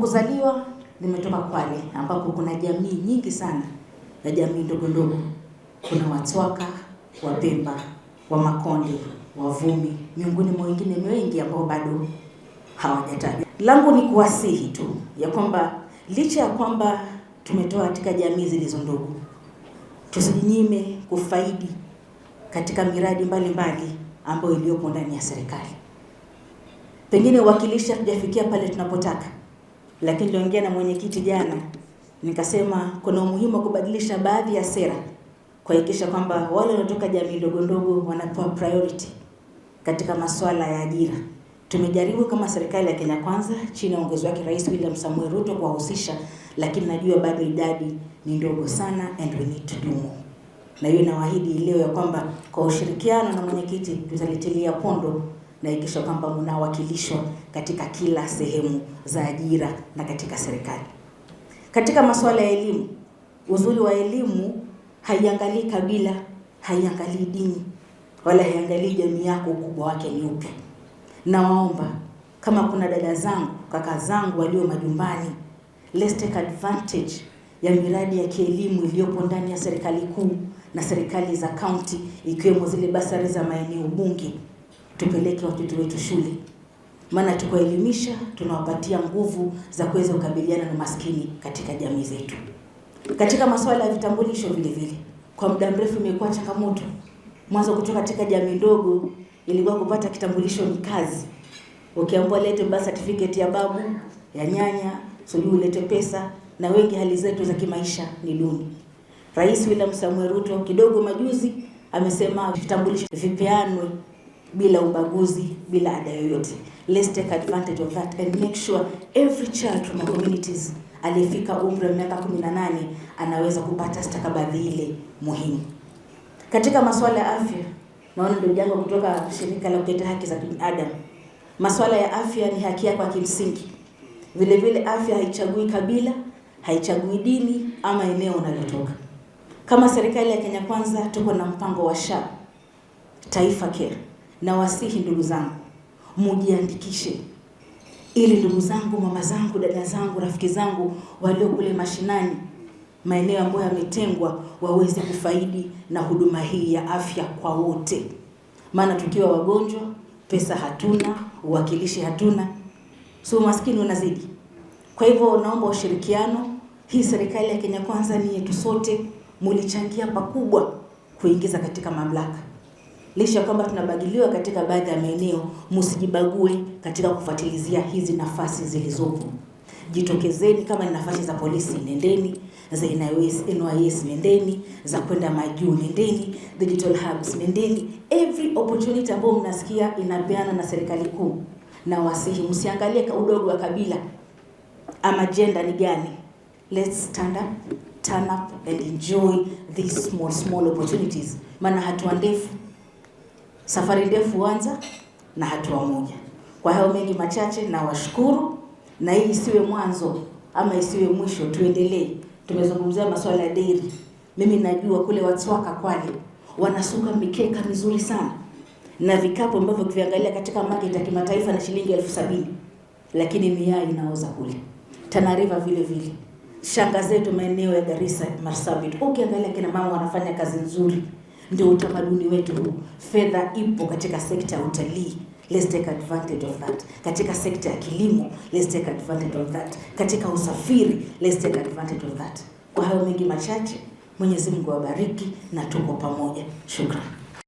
kuzaliwa nimetoka Kwale ambapo kuna jamii nyingi sana ya jamii ndogo ndogo. Kuna Watwaka, Wapemba, Wamakonde, Wavumi, miongoni mwa wengine wengi ambao bado hawajatajwa. Langu ni kuwasihi tu ya kwamba licha ya kwamba tumetoa katika jamii zilizo ndogo, tusijinyime kufaidi katika miradi mbalimbali ambayo iliyopo ndani ya serikali. Pengine uwakilishi hatujafikia pale tunapotaka lakini niliongea na mwenyekiti jana, nikasema kuna umuhimu wa kubadilisha baadhi ya sera kuhakikisha kwamba wale wanaotoka jamii ndogo ndogo wanapewa priority katika masuala ya ajira. Tumejaribu kama serikali ya Kenya Kwanza chini ya uongozi wake Rais William Samoei Ruto kuwahusisha, lakini najua bado idadi ni ndogo sana and we need to do more. Na hiyo inawaahidi leo ya kwamba kwa ushirikiano na mwenyekiti tutalitilia pondo nahakikisha kwamba mnawakilishwa katika kila sehemu za ajira na katika serikali. Katika masuala ya elimu, uzuri wa elimu haiangalii kabila, haiangalii dini, wala haiangalii jamii yako ukubwa wake ni upi. Nawaomba kama kuna dada zangu, kaka zangu walio majumbani, let's take advantage ya miradi ya kielimu iliyopo ndani ya serikali kuu na serikali za kaunti, ikiwemo zile basari za maeneo bunge tupeleke watoto wetu shule, maana tukiwaelimisha tunawapatia nguvu za kuweza kukabiliana na maskini katika jamii zetu. Katika masuala ya vitambulisho vile vile, kwa muda mrefu imekuwa changamoto. Mwanzo kutoka katika jamii ndogo ilikuwa kupata kitambulisho ni kazi, ukiambiwa lete birth certificate ya babu ya nyanya, sijui ulete pesa, na wengi hali zetu za kimaisha ni duni. Rais William Samuel Ruto kidogo majuzi amesema vitambulisho vipeanwe bila ubaguzi, bila ada yoyote. Let's take advantage of that and make sure every child from our communities aliyefika umri wa miaka 18 anaweza kupata stakabadhi ile muhimu. Katika masuala ya afya, naona ndio jambo kutoka shirika la kutetea haki za binadamu, masuala ya afya ni haki yako ya kimsingi. Vile vile afya haichagui kabila, haichagui dini ama eneo unalotoka. Kama serikali ya Kenya Kwanza tuko na mpango wa SHA Taifa Care na wasihi ndugu zangu, mujiandikishe ili ndugu zangu, mama zangu, dada zangu, rafiki zangu walio kule mashinani, maeneo ambayo yametengwa, waweze kufaidi na huduma hii ya afya kwa wote, maana tukiwa wagonjwa pesa hatuna, uwakilishi hatuna, so maskini unazidi. Kwa hivyo naomba ushirikiano. Hii serikali ya Kenya Kwanza ni yetu sote, mulichangia pakubwa kuingiza katika mamlaka licha kwamba tunabagiliwa katika baadhi ya maeneo, msijibague katika kufuatilizia hizi nafasi zilizopo. Jitokezeni, kama ni nafasi za polisi nendeni, za NYS nendeni, za kwenda majuu nendeni, digital hubs nendeni, every opportunity ambayo mnasikia inapeana na serikali kuu. Na wasihi, msiangalie udogo wa kabila ama jenda ni gani. Let's stand up, turn up and enjoy these small small opportunities, maana hatua ndefu Safari ndefu huanza na hatua moja. Kwa hayo mengi machache, nawashukuru na hii isiwe mwanzo ama isiwe mwisho, tuendelee. Tumezungumzia masuala ya deri. Mimi najua kule Watswaka Kwale wanasuka mikeka mizuri sana na vikapu ambavyo ukiviangalia katika market ya kimataifa na shilingi elfu sabini lakini miaa inaoza kule Tana River vile vile, shanga zetu maeneo ya Garissa, Marsabit, ukiangalia kina mama wanafanya kazi nzuri ndio utamaduni wetu huu. Fedha ipo katika sekta ya utalii, let's take advantage of that. Katika sekta ya kilimo, let's take advantage of that. Katika usafiri, let's take advantage of that. Kwa hayo mengi machache, Mwenyezi Mungu awabariki na tuko pamoja. Shukrani.